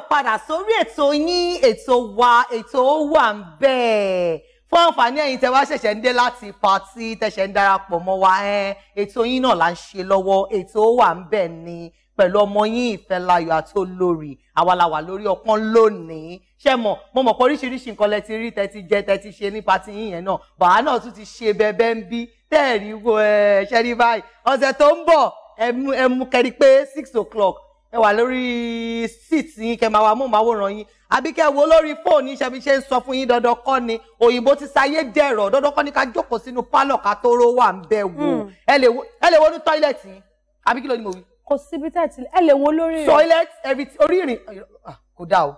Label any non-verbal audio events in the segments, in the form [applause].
káàbọ̀ padà sórí ètò yín ètò wa ètò wà ń bẹ́ẹ̀ fún àǹfààní ẹ̀yin tẹ wá ṣẹ̀ṣẹ̀ ń dé láti pàtí tẹ̀ṣẹ̀ ń darapọ̀ mọ́ wa ẹ̀ ètò yín náà là ń ṣe lọ́wọ́ ètò wà ń bẹ́ẹ̀ ni pẹ̀lú ọmọ yín ìfẹ́láyọ̀ àti olórí àwàlàwà lórí ọpọ́n lónìí ṣé mọ̀ mo mọ̀ pé oríṣiríṣi nǹkan lẹ ti rí tẹ ti jẹ tẹ ti ṣe ní pàtí yín yẹn náà bàá náà tún ti ṣe bẹbẹ ń bí tẹ́ẹ̀rí wo ẹ̀ ṣẹ́rí báyìí ọ̀sẹ̀ tó ń bọ̀ ẹ̀mú ẹ̀mú kẹrí pé six o'clock ẹ wà lórí síìtì yín kẹ máa wà mú màwòrán yín àbí kẹ wo lórí fóònù yín ṣẹbi ń sọ fún yín dandan kọ́ ni òyìnbó ti sayé dẹ̀rọ̀ dandan kọ́ ni ká jókòó sínú pálọ̀ ká tó ró wà ń bẹ wò hmm. ẹ lè wo ní tọ́ílẹ̀tì yín àbí kí ló ní mo wí. kò síbi tẹ́ẹ̀tì ẹ lè wo lórí rẹ̀. tọ́ílẹ̀tì ẹ̀rí orí ìrìn ah, kò dáa o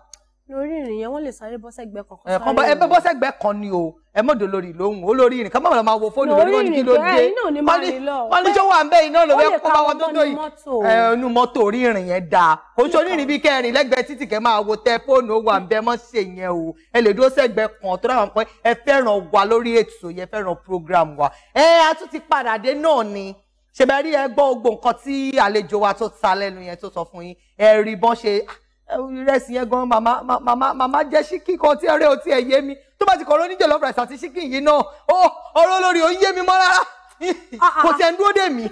lórí ìrìn yẹn wọ́n lè sáré bọ́ sẹ́gbẹ́ kankan. ẹ̀kan bọ́ ẹgbẹ́ bọ́ sẹ́gbẹ́ kan ni o ẹ mọ̀dọ̀ lórí lóhùn ó lórí ìrìn kan mọ̀ máa wo fóònù lórí òní kí ló dé wọ́n ní sọ́wọ́ à ń bẹ́ iná ló fẹ́ kó bá wọn tó tó yìí ẹnu mọ́tò orí ìrìn yẹn da kò sọ ní ìrìn bí kẹrin lẹ́gbẹ̀ẹ́ títì kẹ́ máa wo tẹ fóònù ó wà ń bẹ́ mọ́ ṣe yẹn o ẹ lè dúró sẹ́gbẹ́ kan tó dáwọn pé ẹ fẹ́ràn wa lórí ètò yẹn fẹ́ràn program wa ẹ a tún ti padà dé náà ni ṣèbẹ̀rí ẹ gbọ́ gbogbo nǹkan tí àlejò wa tó ta lẹ́nu yẹn tó sọ fún yín ẹ rí bọ́n ṣe ìrẹsì yẹn gan màmá mama, mama, jẹ ṣíkì kan tí ẹrẹ òtí ẹ yé mi tó bá ti kọ̀ ló ní jollof rice àti ṣíkì yìí náà ó ọ̀rọ̀ olórí ò ń yé mi mọ́ rárá ah, ah, kò ah. tiẹ̀ ń dúró dè mí.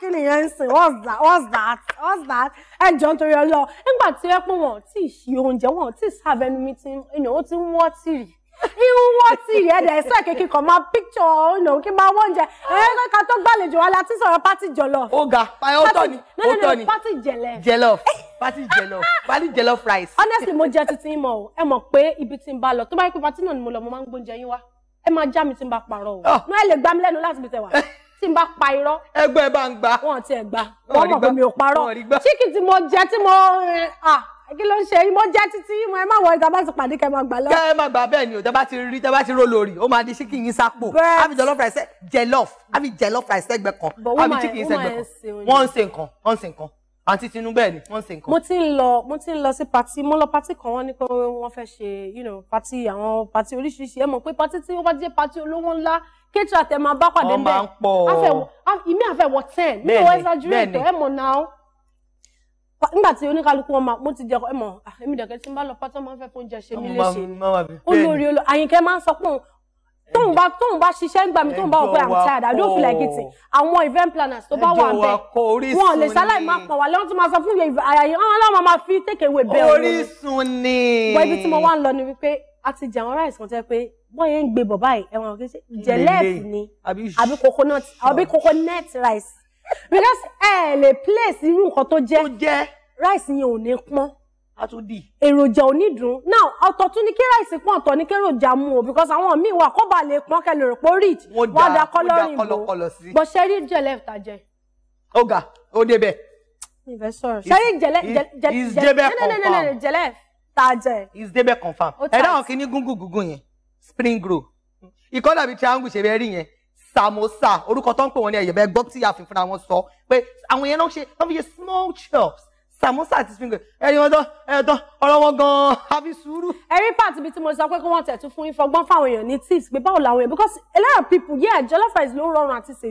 kí ni yẹn ń sìn what's that what's that what's that ẹ jọ nítorí ọlọ nígbà tí ẹ pé wọn ò tí ì ṣe oúnjẹ wọn ò tí ì sábẹ ẹnu mi tí ó ti ń wọ́ tìrì irun wọ́n ti yẹ dẹ̀ ẹ̀sẹ̀ kékeré kan máa píkṣọ̀ ọ̀nà kí máa wọ́n jẹ ẹ̀rọ ká tó gbàlejò wa la ti sọ̀rọ̀ pátì jọlọ. ó ga ọ̀tọ̀ ni ọ̀tọ̀ ni pátì jẹlẹ. jẹlọ pati jẹlọ pati jello fries. honestly mo jẹ titi mọ o ẹ mọ ibi tí n bá lọ tó bá yẹ pé pati ni mo lọ mo máa ń gbóúnjẹ yín wá ẹ máa já mi tí n bá parọ́ o ah. náà ẹ le gbá mi lẹ́nu láti ibi tẹ wá [laughs] tí n bá pa irọ́. ẹgbẹ́ bá ń gbà. wọn ti ẹ̀ gbà wọn mọ̀ pé mi ò parọ́ chicken tí mo jẹ tí mo eh, ah, kí ló ń ṣe mo jẹ títí mo ẹ má wọ ìta bá ti pàdé kẹ máa gbà lọ. kẹ máa gbà bẹ́ẹ̀ ni o tẹ bá ti rí tẹ bá ti ró lórí o máa di chicken yín sápò àbí jollof rice jollof àbí jollof rice ẹgbẹ kan àbí chicken yín sẹgbẹ kan wọ́n ń ṣe nǹkan wọ́n ń ṣe nǹkan àǹtí Tinubu ẹ̀ ni wọ́n ń ṣe nǹkan. mo ti ń lọ mo ti ń lọ sí pati mo lọ pati kan wọ́n ní pé wọ́n fẹ́ ṣe you know pati àwọn pati oríṣiríṣi ẹ mọ̀ pé pati tí wọ́n bá jẹ́ pati olówó ńlá kéjì àtẹ máa bá pàdé bẹ́ẹ̀ wọ́n máa ń pọ̀ ìmí àfẹwọ ten mi ò exaggerate ẹ mọ̀ náà nígbà tí oníkálukú wọn máa mo ti jẹ ẹ mọ̀ ah, èmi dẹkẹ tí n bá lọ pátá máa ń fẹ́ fóúnjẹ ṣe mí léṣe olórí olórí Àyìnkẹ́ máa ń sọ pé òun tóun bá tóun bá ṣiṣẹ́ ń gbà mí tóun bá wọ pé i'm tired i don't feel like eating àwọn event planners tó bá wà bẹ́ẹ̀ wọn lè ṣaláì máa pọ̀ wá lẹ́wọ́n tó máa sọ fún yẹn àyàyè wọn láwọn máa fi take away bẹ́ẹ̀ Orísun ni. wọ́n ibi tí mo wá ń lọ ni wípé a ti jẹ àwọn rice kan tẹ́ pé wọ́n yẹn ń gbé bọ̀ báyìí ẹ̀wọ̀n kì í ṣe jẹ̀lẹ́ẹ̀fì ni àbí coconut àbí coconut rice because ẹ lè place irú nǹkan tó jẹ́ rice yẹn ò ní pọ́n a tún dì. èròjà onídùn now ọ̀tọ̀ tún ní kí ráìsì pọ̀ ọ̀tọ̀ ní kéròjà mu o because àwọn míì wà kó ba lè pọ́n kẹlẹ̀ rò pé ó rich wọ́n da kọ́lọ́rìn bò bọ́ sẹ́rí jẹ̀lẹ̀ ta jẹ. ọ̀gá ó débẹ̀. sẹ́rí jẹ̀lẹ̀ jẹ̀lẹ̀ jẹ̀lẹ̀ ta jẹ. is débẹ̀ confam ẹ dáhùn kí ní gúngùn gúngùn yẹn spring roll ìkọ́ dàbí triangle ṣe bẹ́ẹ̀ rí yẹn samosa orúkọ tó ń pè wọ́n ní ẹ̀yẹ̀bẹ̀ gbọ́ tí àfin fúnra wọn sọ pé àwọn yẹn náà ṣe wọ́n fi ṣe small chops samosa àti spring roll ẹ̀rí wọn tán ẹ̀rí tán ọ̀rọ̀ wọn gan-an àfi sùúrù. ẹ̀rí pàtó ibi tí mo sọ pé kí wọ́n tẹ̀tún fún ìfọgbọ́n fáwọn èèyàn ní tips pé báwo làwọn èèyàn because a lot of people yeah jollof rice ló ń rọrùn àti ṣe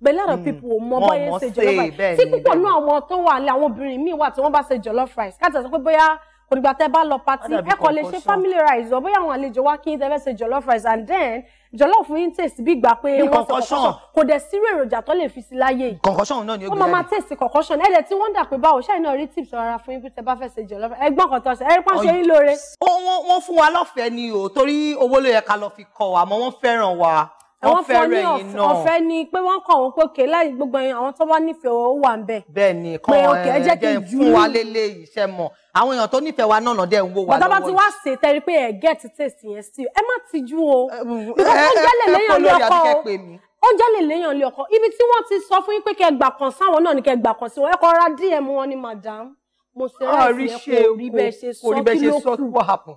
but a lot of hmm, people ò mọ bọ́yẹn ṣe jollof rice tí púpọ̀ náà àwọn tó wà lé àwọn obìnrin míì wà tí wọ́n bá ṣe jollof rice káàtà sọ pé bóyá kò dìgbà bá lọ pati ẹ kò lè ṣe family rice ọ bóyá àwọn àlejò wá kí n tẹ́ fẹ́ ṣe jollof rice and then jollof yín taste bí gbà pé wọ́n sọ kọ̀kọ́ṣàn kò dẹ̀ sí èròjà tó lè fi sí láyé yìí kọ̀kọ́ṣàn náà ni ó gbé láyé ó máa taste kọ̀kọ́ṣàn ẹ̀dẹ̀ tí wọ́n dà pé báwo ṣáà iná rí tips rárá fún yín bí tẹ́ bá fẹ́ ṣe jollof ẹgbọ́n kan tó ṣe ẹ̀rí pàṣẹ yín lóore. wọ́n fún wa lọ́fẹ̀ẹ́ ni o torí owó ló yẹ ká lọ fi kọ́ wa mọ́ wọ́n fẹ́ràn wa àwọn fọ ní ọ̀fẹ́ ni pé wọ́n kọ àwọn pòkè láì gbogbo ẹyin àwọn tó wá nífẹ̀ẹ́ ó wà ń bẹ. bẹ́ẹ̀ni kan ẹ jẹ fún wa lélẹ iṣẹ́ mọ àwọn èèyàn tó nífẹ̀ẹ́ wa náà dẹ ń wo wa lọ́wọ́. bàtà bá ti wá ṣe tẹrí pé ẹ gẹẹtì tèsì yẹn sí ẹ má tijú o. ẹ kó lórí àdìkẹ́ pè mí ó jálè léèyàn lé ọkọ ibi tí wọ́n ti sọ fún yín pé kẹ́ gbà kan sáwọn náà ni kẹ́ gbà kan sí wọn ẹ kọ ra dm wọn ni madam mo ṣe ráìsì ẹ kò rí bẹ́ẹ̀ ṣe sọ kí ló kù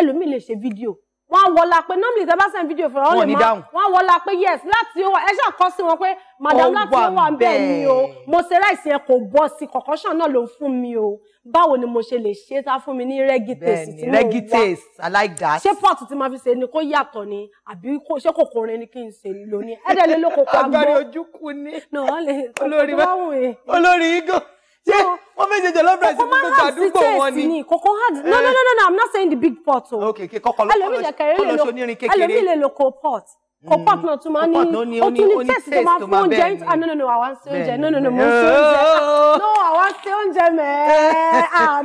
ẹlòmíì lè ṣe fídíò wọ́n wọlá pé normally tẹ́ bá send video fún wọn lè má wọ́n wọlá pé yes láti ó wà ẹ ṣàkọ́ sí wọn pé madam láti ó wà bẹ́ẹ̀ ni o mo ṣe ráìsì yẹn kò bọ́ sí kọ̀kọ́ṣàn náà ló ń fún mi o báwo ni mo ṣe lè ṣe tá fún mi ní reggae tí mo wá reggae i like that ṣé pot tí ma fi ṣe ni kó yàtọ̀ ni àbí ṣé kòkòrò ni kí n ṣe lò ní ẹ̀ẹ́dẹ̀ lé lóko [laughs] pa gbọ́ agbárí ojú kú ni olórí olórí igbó ṣé wọ́n méjèèjì lọ́bẹ̀rẹ̀ sí gbogbo àdúgbò wọn ni. kòkó hard no eh. no no no i'm not saying the big pot o. ok ok kọkọ lọ sónírin kékeré ẹlòmíì lè lo coal pot coal pot náà tún máa ní o tún ní taste tó máa fún oúnjẹ ah no no no àwọn oúnjẹ no no no mo ń oúnjẹ no ó ṣe oúnjẹ Ah,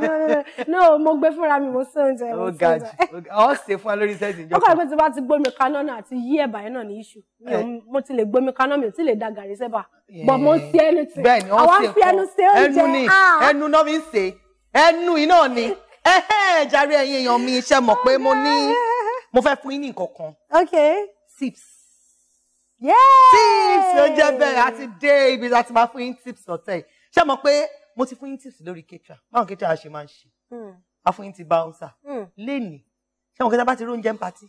no mo gbé fúnra mi mo ṣe oúnjẹ mo ṣe oúnjẹ. ó ṣe fún wa lórí sẹ́ẹ̀tì ìjọba. ọkọ ìpè tí bá ti gbómi kaná náà àti yí ẹ̀bà yẹn náà ní iṣu eh. mo ti lè gbómi kaná mi ò ti lè da gàrí sẹ́bà eh. but mo ń ṣe ẹnu tì àwọn fi ẹnu ṣe oúnjẹ. ẹnu ni ah. ẹnu náà mi ń ṣe ẹnu iná ni [laughs] jàre ẹ̀yin èèyàn mi iṣẹ́ mọ̀ pé mo ní mo fẹ́ fún yín ní nǹkan okay tips tips ló jẹ́ bẹ́ẹ̀ àti dé ibi láti máa fún yín tips ọ̀tẹ̀ ṣé mọ̀ pé mo ti fún yín tips lórí ketra báwọn ketra ṣe máa ń ṣe hmm. a fún yín ti bouncer hmm. lénìí ṣé àwọn kẹta bá ti róúnjẹ ń patí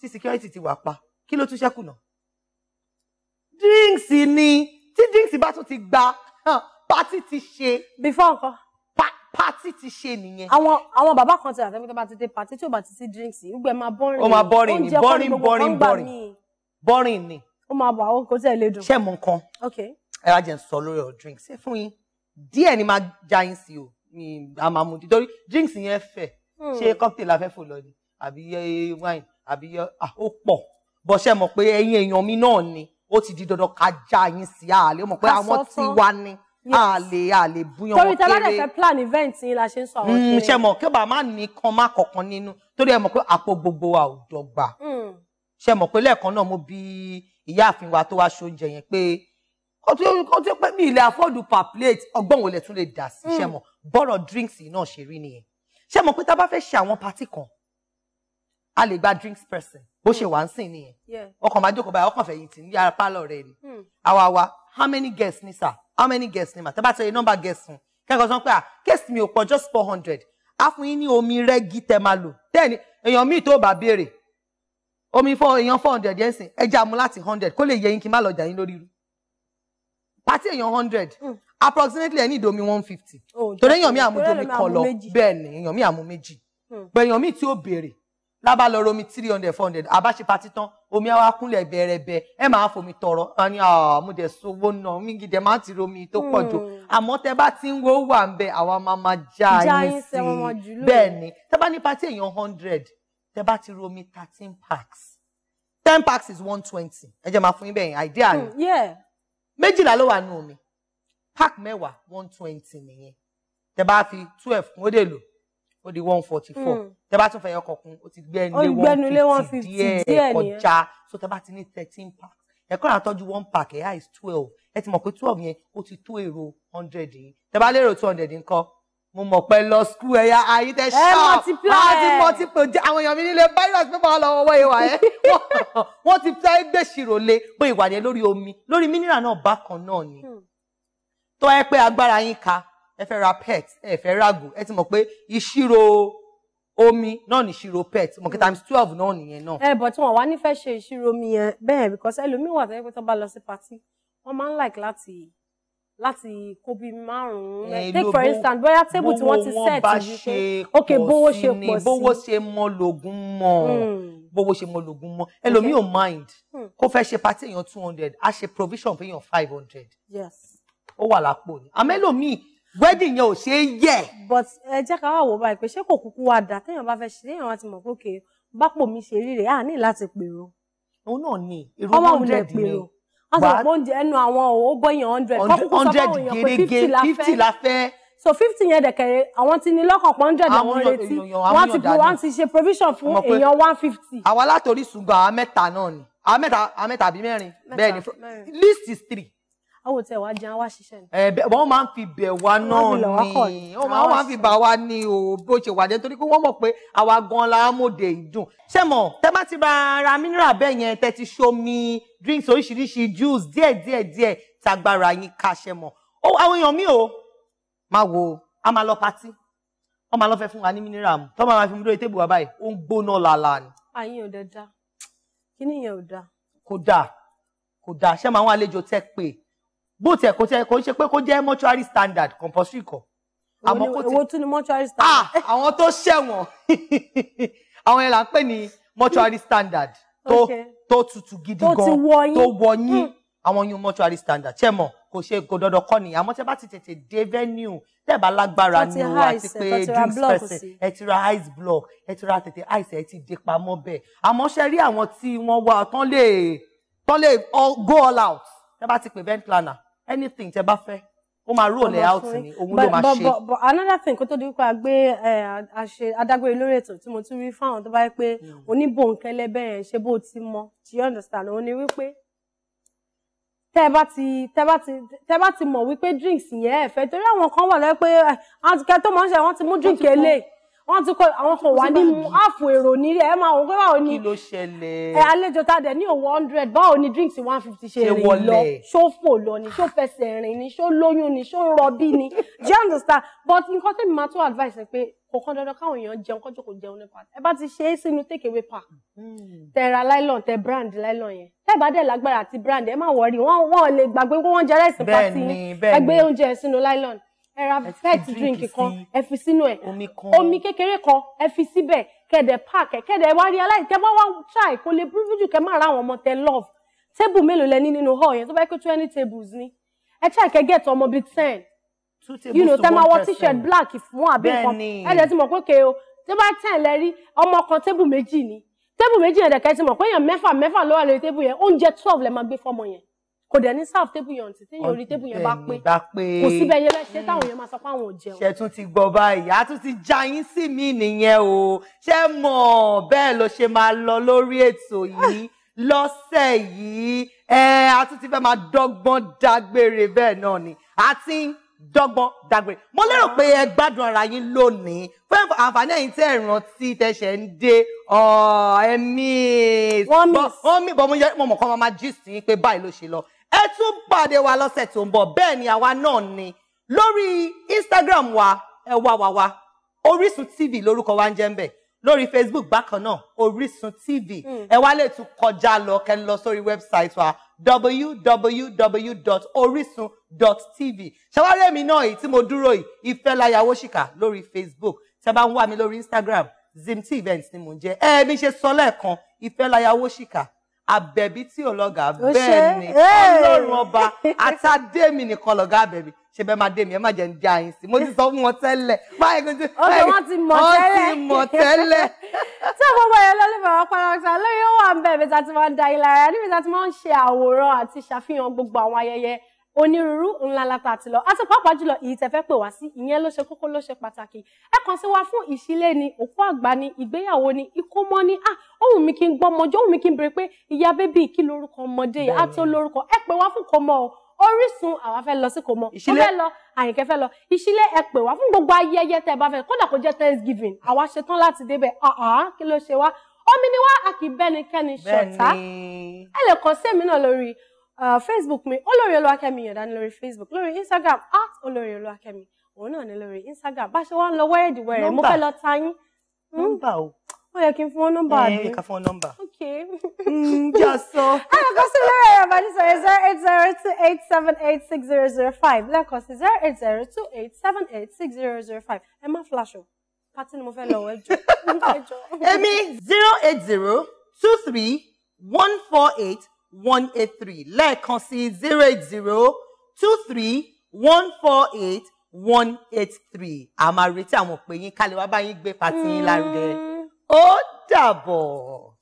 tí security ti wà pa kí ló tún ṣẹ́kù náà drinks ni tí drinks bá tún ti gba pati ti ṣe. before nǹkan. pati ti ṣe nìyẹn. àwọn àwọn bàbá kan ti rà tẹ́gbẹ́ tó bá ti dé pati tí ò bá ti sí drinks gbogbo ẹ̀ máa bọ́rìn. ó máa bọ́rìn ni bọ́rìn bọ́rìn bọ́rìn bọ́rìn ni. ó máa bọ̀ àwọn kò tí ẹ lè dùn. ṣé mo nǹkan. ok. ẹ wá jẹ́ n sọ lórí ọ̀ drinks ṣé fún yín díẹ̀ ni máa já yín sí o ní àmàmù nítorí drinks yẹn fẹ̀ hmm. ṣé cocktail la fẹ́ fò lọ ni àbí eh, wine àbí eh, ah, ó pọ̀ bọ́ ṣe mọ̀ pé ẹ̀yin èèyàn mi náà ni ó ti di dandan ká já yín sí àlè ó mọ̀ pé àwọn ti wá ni àlè àlè búyan kéré torí tẹ́lá dẹ̀ fẹ́ plan event yín la ṣe ń sọ àwọn hmm, kéré ṣe mọ̀ kí bàá má nìkan má kọ̀kan nínú torí ẹ mọ̀ pé àpò gbogbo wa ò dọ́gba hmm. ṣe mọ̀ pé lẹ́ẹ̀kan náà mo bi ìyáàfin wa tó wá ṣoúnjẹ kó tó kó tó pé mi ilé afọ́ọ̀dù per plate ọgbọ́n wo lè tún lè dà sí ṣe hmm. bọ́rọ̀ drinks náà ṣe rí nìyẹn ṣe mọ̀ pé tá a bá fẹ́ ṣe àwọn patí kan a lè gba drinks person bó ṣe hmm. wà ń sìn nìyẹn ọkàn máa jókòó báyìí ọkàn fẹ̀yìntì ní yàrá pálọ̀ rẹ ni hmm. àwa wa how many guests ni sir how many guests ni ma tẹ́ bá tẹ̀lé number guests fún kẹ́kọ̀ọ́ sọ pé à ah, guest mi ò pọ̀ just four hundred a fún yín ní omi rẹ́gí tẹ́ máa lò tẹ́ẹ̀ni èèyàn míì tó bá béèrè omi fọ èèyàn four hundred yẹn sìn ẹja mu láti hundred kó lè yẹ yín kí n má lọ jà yín lórí irú pàtí èèyàn hundred hmm. approximately ẹni ìdomi one fifty oh, torí èèyàn mi àmúdomi kan lọ bẹ́ẹ̀ ni èèyàn mi àmú méjì pé hmm. èèyàn mi tí ó béèrè lábá lọ romi three hundred four hundred àbáṣe pati tán omi àwa kúnlẹ̀ bẹ̀rẹ̀bẹ̀ ẹ máa fomi tọrọ wọn ni àmúdẹ ah, sowó náà mi gidi ẹ máa ti romi tó pọ̀ jù hmm. àmọ́ tẹ bá ti ń wo wà ń bẹ àwa máa máa já yín sí i bẹ́ẹ̀ ni tẹ bá ní pati èèyàn hundred tẹ bá ti romi thirteen packs ten packs is one twenty ẹ jẹ́ máa fún yín bẹ́ẹ̀ yẹn idea ni méjìlá ló wà nù omi pack mẹ́wàá one twenty nìyẹn tẹ bá fi twelve kún ó dè lò ó di one forty four hmm. tẹ bá tún fẹ̀yọ́ kọ̀ọ̀kan ó ti gbẹ́nulé one fifty díẹ̀ kọjá so tẹ bá ti ní thirteen pack ẹ̀kọ́ náà tọ́jú one pack ẹ̀ high is twelve ẹ ti mọ̀ pé twelve yẹn ó ti tó èrò hundred yìí tẹ bá lérò two hundred nǹkan mo mọ̀ pé lọ skul ẹ̀yà ayé tẹ ṣọ́ọ̀ wọ́n ti multiply jẹ́ àwọn èèyàn mi nílé virus pé wọ́n lọ wọ́ ìwà ẹ̀ wọ́n ti fẹ́ gbèsìrò lé pé ìwà yẹn lórí omi lórí mineral náà bákan náà ni hmm. tó ẹ pé agbára yín ka ẹ fẹ́ ra pet ẹ fẹ́ ràgùn ẹ ti mọ̀ pé ìṣirò omi náà ní ìṣirò pet mọ̀ kí times twelve náà nìyẹn náà. ẹ bọ̀ tí wọ́n wá nífẹ̀ẹ́ ṣe ìṣirò omi yẹn bẹ́ẹ̀ because ẹlòmíì wà tẹ́lẹ̀ pé tó bá lọ sí patí wọ́n máa ń like láti láti kó márùn-ún eh, take for instance bóyá table tí wọ́n ti set Okay, pé ok bówó ṣe pọ̀ sí hmm. bówó ṣe mọ lògùn mọ bówó ṣe mọ lògùn mọ ẹlòmíì ò mind hmm. kó fẹ́ ṣe party èèyàn two hundred á ṣe provision fún èèyàn five hundred ó wà lápò ni àmẹ́lòmíì wedding yẹn ò ṣe é yẹ. but ẹ jẹ́ ká wá wò báyìí pé ṣé kò kúkú wá dà téèyàn bá fẹ́ ṣe téèyàn wá ti mọ̀ pé òkè bápò mi ṣe rí rẹ̀ á ní láti pèrò. òun náà ni èrò one hundred ni wọ́n sọ pé oúnjẹ ẹnu àwọn ogún èèyàn hundred kọ́kúkú sọ fún àwọn èèyàn pé fifty la fẹ́ fifty la fẹ́ so fifty yẹn dẹ̀kẹ̀rẹ̀ àwọn ti ní lọ́kàn pọ̀ hundred àwọn retí wọ́n ti wọ́n ti ṣe provision fún èèyàn one fifty. àwa látòrí ṣùgbọ́n àwa mẹ́ta náà ni àwa àwa mẹ́ta àbí mẹ́rin bẹ́ẹ̀ ni list is three àwọn òtẹ wa jẹun wá ṣiṣẹ́ ni. ẹ wọn máa ń fi bẹ̀ wá náà ni wọn máa ń fi bà wá ní o bó ṣe wà dé torí pé wọn mọ̀ pé àwa gan la mòde ìdùn. ṣé mo tẹ bá ti ra ra mineral bẹ́ẹ̀ yẹn tẹ ti ṣomi drinks oríṣiríṣi juice díẹ̀ díẹ̀ díẹ̀ tagbára yín ká ṣe mọ̀ ó àwọn èèyàn mi ò máa wo a máa lọ patí wọn máa lọ fẹ́ fún wa ní mineral mu tọ́ máa fi mú lórí tébù wa báyìí ó ń gbóná làlà ni. àyìn ò dẹ da kíní yẹn ò da. kò dáa kò dáa ṣé máa ń wá àlejò tẹ pé bó tiẹ̀ kó tiẹ̀ kó ṣe pé kó jẹ́ mortuary standard compulsory kọ́ àmọ́ kó ti owó tún ni mortuary standard. ah àwọn tó ṣẹ̀wọ̀n [laughs] àwọn yẹn là ń pè ní mortuary standard tó tó tutù gidi gan tó wọ yín hmm. àwọn yín mortuary standard ṣe mọ̀ kò ṣe kò dandan kọ́ ni àmọ́ tẹ́ bá ti tètè dé venue tẹ́ bá lágbára ni o àti pé drinks person ẹ ti ra ice block ẹ ti ra tètè ice ẹ ti dé pamọ́ bẹ́ẹ̀ àmọ́ ṣe rí àwọn tí wọ́n wá tán lè tán lè go all out tẹ́ bá ti pè event planner anything tẹ bá fẹ́ ó máa rule le out ni òun ló máa ṣe. but but another thing kó tó di wípé a gbé àṣe adágbére lórí ètò tí mo tún rí fáwọn tó bá yẹ pé hmm. oníbòǹkẹ́lẹ́ bẹ́ẹ̀ ṣe bó ti mọ do understand oni ni wípé tẹ bá ti tẹ bá ti tẹ bá ti mọ̀ wípé drinks yẹn ẹ fẹ́ torí àwọn kan wà lọ pé àtikẹ tó mọ ń ṣe wọn ti mú drink eléyìí wọ́n ti kọ́ àwọn kan wà nínú áàfù èrò nílé ẹ máa wọ́n pé báwo ni kí ló ṣẹlẹ̀ ẹ àlejò tá a dẹ̀ ní òwò hundred báwo ni drinks one fifty ṣe rìn lọ ṣó fò lọ ni ṣó fẹsẹ̀ rìn ni ṣó lóyún ni ṣó rọbí ni do you understand but nǹkan tẹ́mi máa tó advice ẹ pé kò kán dandan káwọn èèyàn jẹun kọ́jọ́ kò jẹun ní park ẹ bá ti ṣe é sínú take away park hmm. tẹ ra nylon tẹ brand nylon yẹn tẹ bá dẹ̀ lágbára àti brand ẹ má wọrí wọn wọn lè gbàgbé wọn jẹ rẹ́sì pàtì ẹgbẹ́ oúnjẹ sínú nylon ẹ ra pet drink kan ẹ fi sínú ẹ omi kékeré kan ẹ fi síbẹ̀ kẹ̀dẹ̀ park kẹ̀dẹ̀ wá realize kẹ́ bá wá try kó lè burú jù kẹ́ máa ra àwọn ọmọ tẹ love table mélòó lẹ ní nínú hall yẹn tó bá kó twenty tables ni ẹ try kẹ́ get ọmọ bíi ten you know tẹ́ máa wọ t-shirt black fún àbí nǹkan ẹ jẹ́ ti mọ̀ pé kéé o tó bá ten lẹ rí ọmọ kan table méjì ni table méjì yẹn dẹ̀ kẹ́ ti mọ̀ pé èèyàn mẹ́fà mẹ́fà ló wà lórí table yẹn oúnjẹ twelve lẹ máa gbé fọ́mọ yẹn kò dẹ̀ ní serve tébù yẹn ọ̀ntì tí yẹn tébù yẹn bá pé kò síbẹ̀ yẹn lẹ́sẹ̀ táwọn yẹn máa sọ pé àwọn ò tún ti gbọ́ báyìí a tún ti já yín sí mi nìyẹn o ṣé mọ̀ bẹ́ẹ̀ ló ṣe máa lọ lórí ètò yìí lọ́sẹ̀ yìí a tún ti fẹ́ máa dọ́gbọ́n dágbére bẹ́ẹ̀ náà ni a ti ń dọ́gbọ́n dágbére mo lérò pé ẹ gbádùn ara yín lónìí fún àǹfààní ẹ̀yin tẹ́ ẹ̀ rántí tẹ̀sẹ̀ ń dé ẹ̀mí wọ́n mi bọ́ mo mọ̀ kọ́ máa gist yín pé báyìí ló ṣe lọ ẹ tún pàdé wa lọ́sẹ̀ tó ń bọ̀ bẹ́ẹ̀ ni àwa náà ni lórí Instagram wa ẹ wá wa wa Orísun TV lórúkọ wa ń jẹ́ ń bẹ̀ lórí Facebook bákan náà Orísun TV hmm. ẹ wá lè tún kọjá lọ kẹ́ ń lọ sórí website wa www.orisun.tv ṣàwárí èmi náà èyí tí mo dúró yìí ìfẹ́ láyàwó ṣìkà lórí Facebook tẹ́ bá ń wá mi lórí Instagram Zimty Events ni mò ń jẹ́ ẹ̀ẹ́mi ṣe sọ lẹ́ẹ̀kan ìfẹ́ láyàwó ṣìkà àbẹ̀bí tí ò lọ́gàá bẹ́ẹ̀ ni ọlọ́run ọba àtàdémi nìkan lọ́gàá àbẹ̀bí ṣe bẹ́ẹ̀ máa dé mi ẹ má jẹ́ ń di àyìn sí mo ti sọ fún wọn tẹ́lẹ̀ báyìí kò tí wọ́n ti mọ̀ tẹ́lẹ̀. [laughs] tí gbogbo èèyàn lọ́lùfẹ́ wọn parọ́ta lórí ó wà ń bẹ̀ mi ta ti máa ń da ìlara níbi ta ti máa ń ṣe àwòrán àti ṣàfihàn gbogbo àwọn ayẹyẹ onírúurú ńlá lata àti lọ àti pàápàá jùlọ èyí tẹ́ fẹ́ pè wá sí ìyẹn ló ṣe kókó ló ṣe pàtàkì ẹ kàn sí wa fún ìṣílé ni òkú àgbà ni ìgbéyàwó ni ìkómọ ni ah ohun mi kí n gbọ́ ọmọjọ́ ohun mi kí n béèrè pé ìyá bébí kí lorúkọ ọmọdé yìí àti olórúkọ ẹ pè wá fún kọmọ o orísun àwa fẹ́ lọ sí kò mọ ìṣílẹ fẹ́ lọ àyìnkẹ́ fẹ́ lọ ìṣílẹ ẹ pè wá fún gbogbo ayẹyẹ tẹ́ bá fẹ́ kódà kó jẹ́ thanksgiving àwa ṣetán láti débẹ̀ ọhán kí ló ṣe wá omi ni wá a kì í bẹ́nikẹ́ni ṣọ̀tá ẹ lè kàn sí èmi náà lórí uh, Facebook mi olórí olúwakẹ́mi yọ̀dá ní lórí Facebook lórí Instagram at olórí olúwakẹ́mi òun náà ní lórí Instagram bá ṣe wá ń lọ wẹ́rẹ́dì wẹ́rẹ́ mo fẹ́ lọ ta yín. Hmm? nọ́mbà o. ó yẹ kí n fún wọn nọ́mbà eh, àbí. ẹ ká fún wọn nọ́mbà. ok. Hmm, jà sọ. àkọ́kọ́ [laughs] sí lórí ẹ̀rọ ìbánisọ̀rọ̀ zero eight zero two eight seven eight six zero zero five lẹ́ẹ̀kan sí zero eight zero two eight seven eight six zero zero five ẹ má flash o pátí ni mo fẹ́ lọ wọ ẹjọ́. èmi zero eight zero two three one four eight one eight three lẹ́ẹ̀kan sí zero eight zero two three one four eight one eight three a máa retí àwọn òpè yín kálẹ̀ wá bá yín gbé pàtí yín lárugẹ mm, ó dàbọ̀.